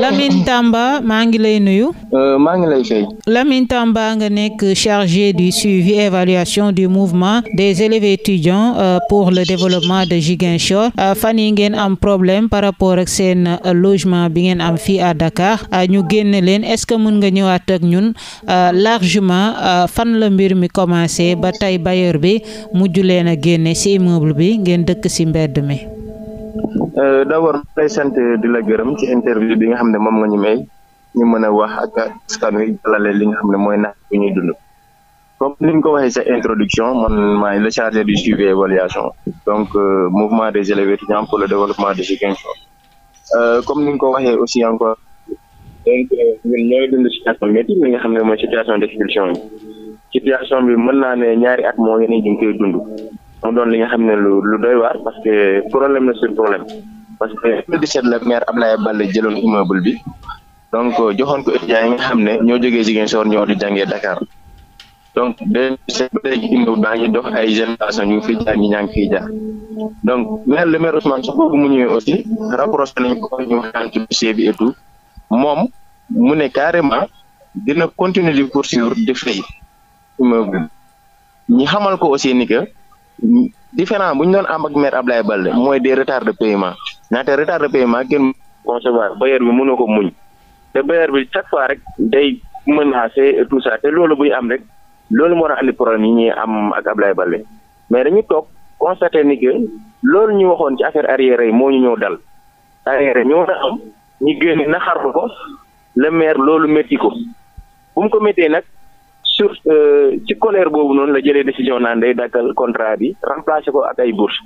Lamine Tamba maa ngi lay nuyu. Euh, maa ngi Lamine Tamba nga nekk chargé du suivi évaluation du mouvement des élèves étudiants euh, pour le développement de Ziguinchor euh, fan yi ngeen am problème par rapport ak seen logement bi ngeen am fii à Dakar ñu génne leen est-ce que mën nga ñëwaat ak ñun largement fan la mbir mi commencé ba tey bailleur bi mujj leen a génne si immeuble bi ngeen dëkk si mbedd mi. Euh, d'abord ma lay sant di la gërëm ci interview bi nga xam ne moom nga ñu may ñu mën a wax ak askan wi jàllale li nga xam ne mooy naaj bi ñuy dund. comme ni nga ko waxee sa introduction man maay le chargé du suivi évaluation donc euh, mouvement des élèves étudiants pour le développement de Ziguinchor euh, comme ni nga ko waxee aussi encore donc ñun ñooy dund situation métti mi nga xam ne mooy situation d'expulsion yi situation bi mën naa ne ñaari at moo ngi ñu koy dund. mu doon li nga xam ne lu lu doy waar parce que problème la sur problème parce que 2017 la maire Ablaye Baldé jëloon immeuble bi donc euh, joxoon ko étudiants xam ne ñoo jógee Ziguinchor ñoo di jàngee Dakar donc 2017 ba léegi immeuble dox ay génération ñu ngi fiy jaar ñi ñaa ngi donc maire le maire Ousmane Sonko mu ñëwee aussi rapproché nañ ko ñu waxtaan ci dossier bi et tout moom mu ne carrément dina continuer di poursuivre di fay immeuble ñi xamal ko aussi ni que. différent bu ñu doon am ak maire Ablaye Balde mooy des retards de paiement ñaata retard de paiement kenn concevoir bailleur bi mënoo ko muñ te bailleur bi chaque fois rek day menacer et tout ça te loolu buy am rek loolu moo a andi problème yi am ak Ablaye Balde mais dañu toog constaté ni que loolu ñu waxoon ci affaire arriere yi moo ñu ñëw dal arrière ñoo na am ñu génn naxarlu ko le maire loolu métti ko bu ko méttee nag sur euh, ci colère boobu noonu la jëlee décision naan day dàkkal contrat bi remplacé ko ak ay bourse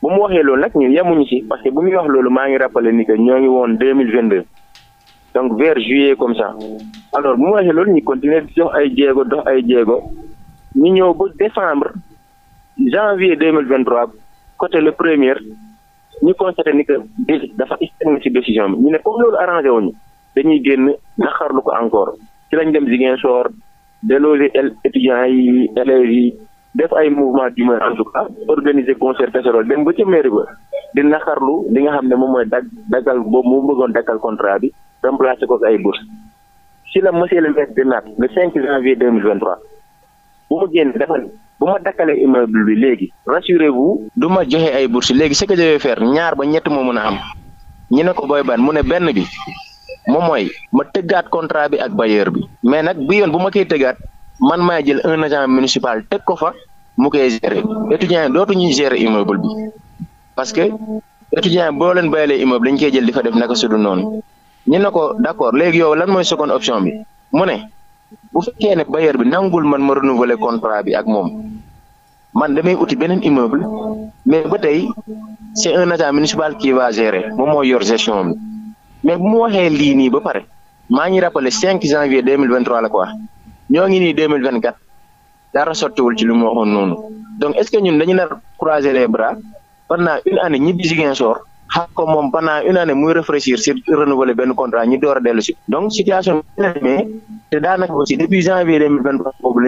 bu mu waxee loolu nag ñun yemuñu ci parce que bu muy wax loolu maa ngi rappelé ni que ñoo ngi woon deux mille vingt deux donc vers juillet comme ça alors bu mu waxee loolu ñu continuer di dox ay jéego dox ay jéego ñu ñëw ba décembre janvier deux mille vingt trois côté le premier ñu constaté ni que dafa istan ci décision bi ñu ne comme loolu arrangé wuñu dañuy génn naxarlu ko encore ci lañ dem Ziguinchor déloger étudiants yi élèves yi def ay mouvement d'humeur en tout cas organiser concert casserole dem ba ca ba di naqarlu li nga xam ne moom mooy dag daggal boobu mu bëggoon dakkal contrat bi remplacer ko ay bourse si la monsieur le maire dinaat le 5 janvier 2023 bu ma génn dafa ne bu ma dakkalee immeuble bi léegi rassurez-vous du ma joxe ay bourse léegi ce que je faire ñaar ba ñett moo mën a am ñu ne ko booy ban mu ne benn bi moom mooy ma tëggaat contrat bi ak bailleur bi mais nag bi yoon bu ma koy tëggaat man maa jël un agent municipal teg ko fa mu koy gérer étudiants yi dootuñuy gérer immeuble bi parce que étudiants yi boo leen bayalee immeuble dañ koy jël di fa def naka su dul noonu ñu ne ko d' accord léegi yow lan mooy seconde option bi mu ne bu fekkee ne bailleur bi nangul man ma renouveler contrat bi ak moom man damay uti beneen immeuble mais ba tey c' est un agent municipal qui va gérer moom mooy yor gestion bi. mais bu mu waxee lii nii ba pare maa ngi rappelé 5 janvier 2023 la ko wax ñoo ngi nii 2024 dara sottiwul ci li mu waxoon noonu donc est ce que ñun dañu nar croiser les bras pendant une année ñibbi Ziguinchor xam moom pendant une année muy réfléchir si renouveler benn contrat ñu door a donc situation mais te daanaka aussi depuis janvier deux mille vingt trois boobu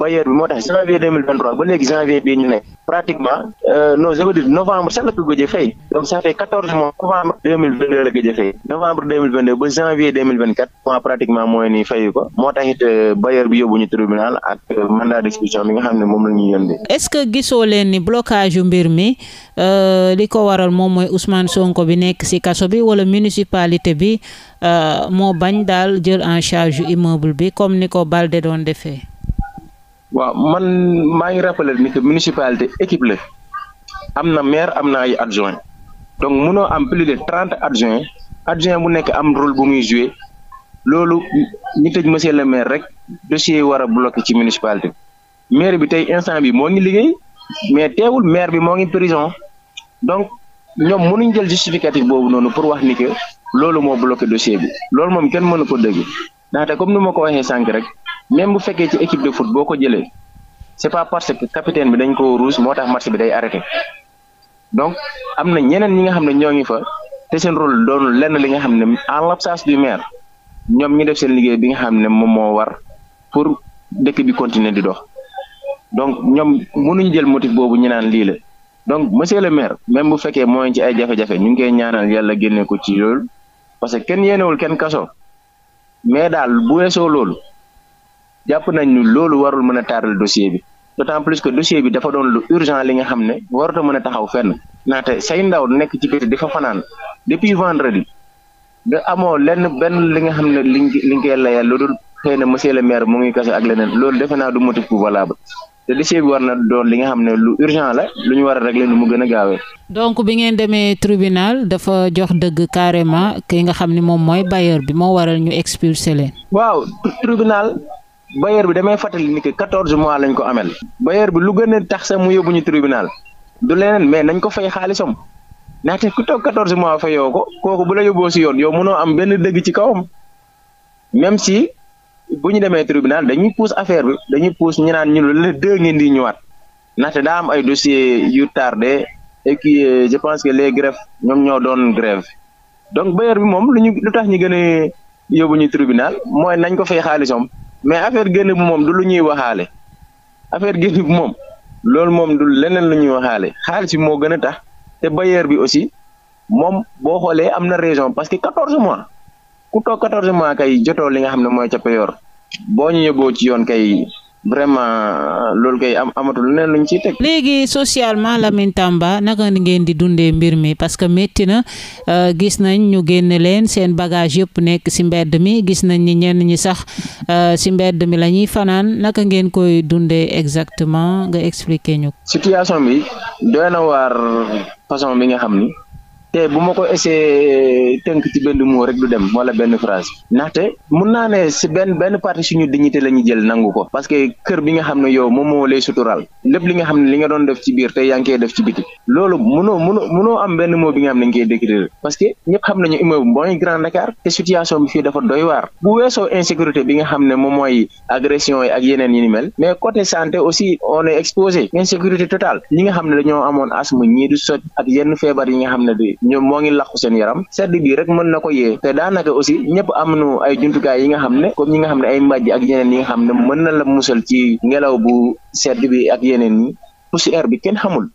bi moo tax janvier ba léegi janvier bii ñu nekk pratiquement euh, novembre sax la ko gëj a donc ça fait quatorze mois novembre deux mille vingt deux ba janvier deux mille vingt quatre pratiquement mooy nii fayu ko moo tax it euh, bi yóbbu ñu tribunal ak euh, mandat d'expulsion bi nga xam ne moom la ñuy mooy Ousmane Sonko bi nekk si kaso bi wala municipalité bi euh, moo bañ daal jël en charge immeuble bi comme ni ko Balde doon defee. waaw man maa ngi rappelé ni que municipalité équipe la am na maire am na ay adjoint donc munoo am plus de trente adjoint adjoint bu nekk am rôle bu muy joué loolu ñu tëj monsieur le maire rek dossier wara a bloqué ci municipalité maire bi tey instant bi moo ngi liggéey mais teewul maire bi moo ngi prison donc ñoom mënuñ jël justificatif boobu noonu pour wax ni que loolu moo bloqué dossier bi loolu moom kenn mënu ko dëgg naata comme ni ma ko waxee sànq rek même bu fekkee ci équipe de foot boo ko jëlee c'est pas parce que capitaine bi dañ ko rouge moo tax match bi day arrêté donc am na ñeneen ñi nga xam ne ñoo ngi fa te seen rôle doonul lenn li nga xam ne en l'absence du maire ñoom ñu def seen liggéey bi nga xam ne moom moo war pour dëkk bi continuer di dox donc ñoom mënuñ jël motif boobu ñu naan lii la donc monsieur le maire même bu fekkee mooy ci ay jafe-jafe ñu ngi koy ñaanal yàlla génne ko ci loolu parce que kenn yenewul kenn kaso mais daal bu weesoo lool jàpp nañ ni loolu warul mën a taaral dossier bi d'autant plus que dossier bi dafa doon urgent li nga xam ne warut a mën a taxaw fenn naate say ndaw nekk ci biti di fa fanaan depuis vendredi nga amoo lenn benn li nga xam ne liñ liñ koy layal lu dul xëy na le maire mu ngi kase ak leneen loolu defe naa du motif bu valable te dossier bi war na doon li nga xam ne lu urgent la lu ñu war a régler lu mu gën a gaawee. donc bi ngeen demee tribunal dafa jox dëgg carrément ki nga xam ni moom mooy bailleur bi moo waral ñu expulser leen. waaw tribunal bailleur bi damay fàttali ni que quatorze mois lañ ko amel bailleur bi lu gën a tax sax mu yóbbu ñu tribunal du leneen mais nañ ko fay xaalisam ndaxte ku toog quatorze mois fayoo ko kooku bu la yóbboo si yoon yow mënoo am benn dëgg ci kawam même si. bu ñu demee tribunal dañuy pousse affaire bi dañuy pousse ñu naan ñu le deux ngeen di ñëwaat ndaxte daa am ay dossiers yu tardé et euh, je pense que les greffes ñoom ñoo doon grève donc bailleur bi moom lu ñu lu tax ñu gën a yóbbu ñu mooy nañ ko fay xaalisam mais affaire génn bu moom du lu ñuy waxaale affaire génn bu moom loolu moom du leneen lu ñuy waxaale xaalis bi moo gën a tax te bailleur bi aussi moom boo xoolee am na raison parce que quatorze mois ku toog quatorze mois kay jotoo li nga xam ne mooy ca payoor boo ñu yóbboo ci yoon kay vraiment loolu kay am amatul leneen luñ ciy teg. léegi socialement Lamine Tamba naka ngeen di dundee mbir mi parce que métti na uh, gis nañ ñu génne leen seen bagage yëpp nekk si mbedd mi gis nañ ni ñenn ñi sax uh, ci mbedd mi la ñuy fanaan naka ngeen koy dundee exactement nga expliquer ñu. situation bi doy na waar façon bi nga xam ni. te bu ma ko essayé euh, tënk ci benn mot rek du dem wala benn phrase ndaxte mun naa ne si benn benn partie suñu dignité la ñuy jël nangu ko parce que kër bi nga xam ne yow moom moo lay sutural lépp li nga xam ne li nga doon def ci biir te yaa ngi koy def ci biti loolu munoo munoo munoo am benn moo bi nga xam ne ñu koy décrire parce que ñëpp xam nañu immeuble mooy Grand Dakar te situation bi fii dafa doy waar bu weesoo insécurité bi nga xam ne moom mooy agression yi ak yeneen yi ni mel mais côté santé aussi on est exposé insécurité totale li nga xam ne dañoo amoon asthme ñii du sot ak yenn feebar yi nga xam ne ñoom moo ngi làqu seen yaram sedd bi rek mën na ko yee te daanaka aussi ñëpp am nu ay jumtukaay yi nga xam ne comme ñi nga xam ne ay mbàjj ak yeneen yi nga xam ne mën na la musal ci ngelaw bu sedd bi ak yeneen yi poussière bi kenn xamul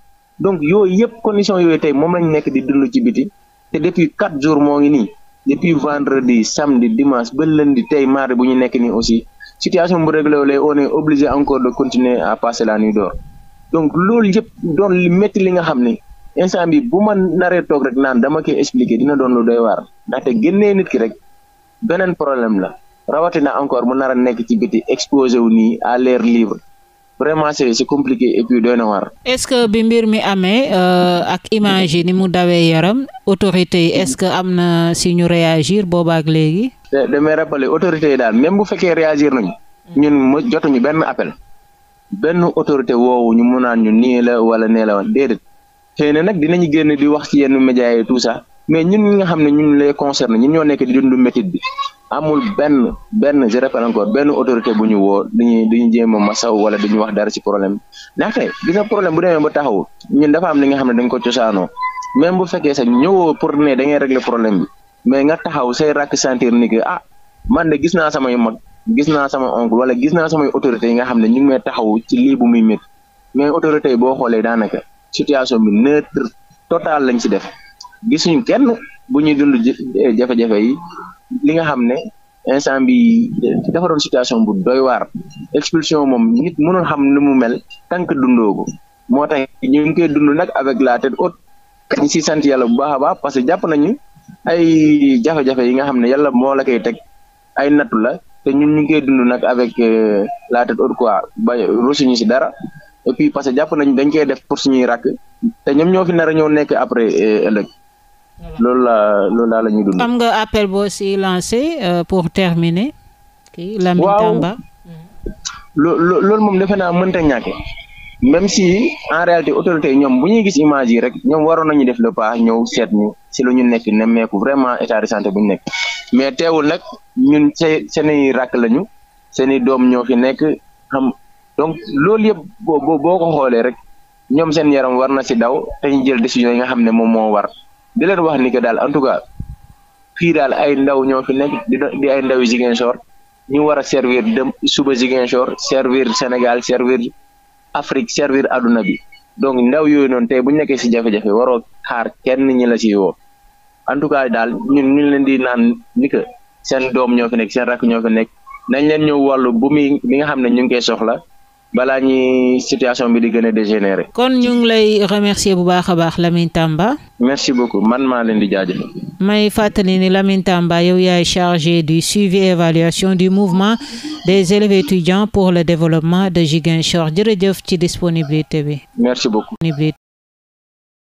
donc yooyu yëpp condition yooyu tey moom lañ nekk di dund ci biti te depuis quatre jours moo ngi nii depuis vendredi samedi dimanche ba lundi tey mardi bu ñu nekk nii aussi situation bu réglé wu lay on obligé encore de continuer à passer la loolu yëpp li métti li nga xam ni instant bi bu ma naree toog rek naan dama koy expliquer dina doon lu doy waar ndaxte génnee nit ki rek beneen problème la rawatina encore mu nar a nekk ci biti exposé wu nii à l'air libre vraiment c'est c'est compliqué et puis doy na waar. est-ce que bi mbir mi amee euh, ak image yi ni mu dawee yaram autorité yi est-ce que am na si ñu réagir boobaak léegi. te damay rappeler autorité yi daal même bu fekkee réagir nañu. ñun mu jotuñu benn appel. benn autorité woowu ñu mun naan ñu nii la wala nee la woon déedéet. xëy na nag dinañu génn di wax ci yenn médias yi tout ça mais ñun ñi nga xam ne ñun lay concerné ñun ñoo nekk di dundu métit bi amul benn benn je répète encore benn autorité bu ñu woo dañuy dañuy jéem a masaw wala dañuy wax dara ci problème ndaxte gis nga problème bu demee ba taxaw ñun dafa am li nga xam ne dañ ko cosaanoo même bu fekkee sax ñëwoo pour ne da ngay régler problème bi mais taxaw say rakk sentir ni que ah man de gis naa samay mag gis naa sama oncle wala gis naa samay autorité yi nga xam ne ñu ngi may taxaw ci lii bu muy métti mais autorité yi boo xoolee daanaka situation bi neutre total lañ ci def gisuñu kenn bu ñuy dund eh, jafe-jafe yi li nga xam ne instant bi eh, dafa situation bu doy waar expulsion moom nit mënul xam ni mu mel tant que dundoo ko moo tax ñu ngi koy dund nag avec la tête haute ñu si sant yàlla bu baax a baax parce que jàpp nañu ay jafe-jafe yi nga xam ne yàlla moola la teg ay natu la te ñun ñu ngi koy dund nag avec eh, la tête haute quoi ba rusuñu si dara et puis parce que jàpp nañu dañ koy def pour suñuy rakk te ñoom ñoo fi nar a ñoo nekk après euh, ëllëg loolu laa loolu laa la ñuy dund. nga appel boo si lancé euh, pour terminer. kii Lamine Tamba waaw loolu moom defe naa mënta ñàkk. même si en réalité autorité yi ñoom bu ñuy gis image yi rek ñoom waroon nañu def le pas ñëw seet ñu si lu ñu nekk nemmeeku vraiment état de santé bu ñu nekk mais teewul nag ñun see seen i rakk lañu seen i doom ñoo fi nekk donc loolu yëpp boo boo ko xoolee rek ñoom seen yaram war na si daw te jël décision yi nga xam ne moom moo war di leen wax ni que daal en tout cas fii daal ay ndaw ñoo fi nekk di ay ndaw yu Ziguinchor ñu war a servir dem suba Ziguinchor servir Sénégal servir Afrique servir àdduna bi donc ndaw yooyu noonu tey bu nekkee si jafe-jafe waroo xaar kenn ñi la si woo en tout cas daal ñun ñu leen di naan ni seen doom ñoo fi nekk seen rak ñoo fi nekk nañ leen ñëw wàllu bu mi nga xam ne ñu ngi koy soxla. balaa ñuy situation bi di gën a kon ñu ngi lay remercier bu baax a baax Lamine Tamba. merci beaucoup man maa leen di jaajëfal. may fàttali ni Lamine Tamba yow yaay chargé du suivi et évaluation du mouvement des élèves étudiants pour le développement de Ziguinchor jërëjëf ci disponibilité bi.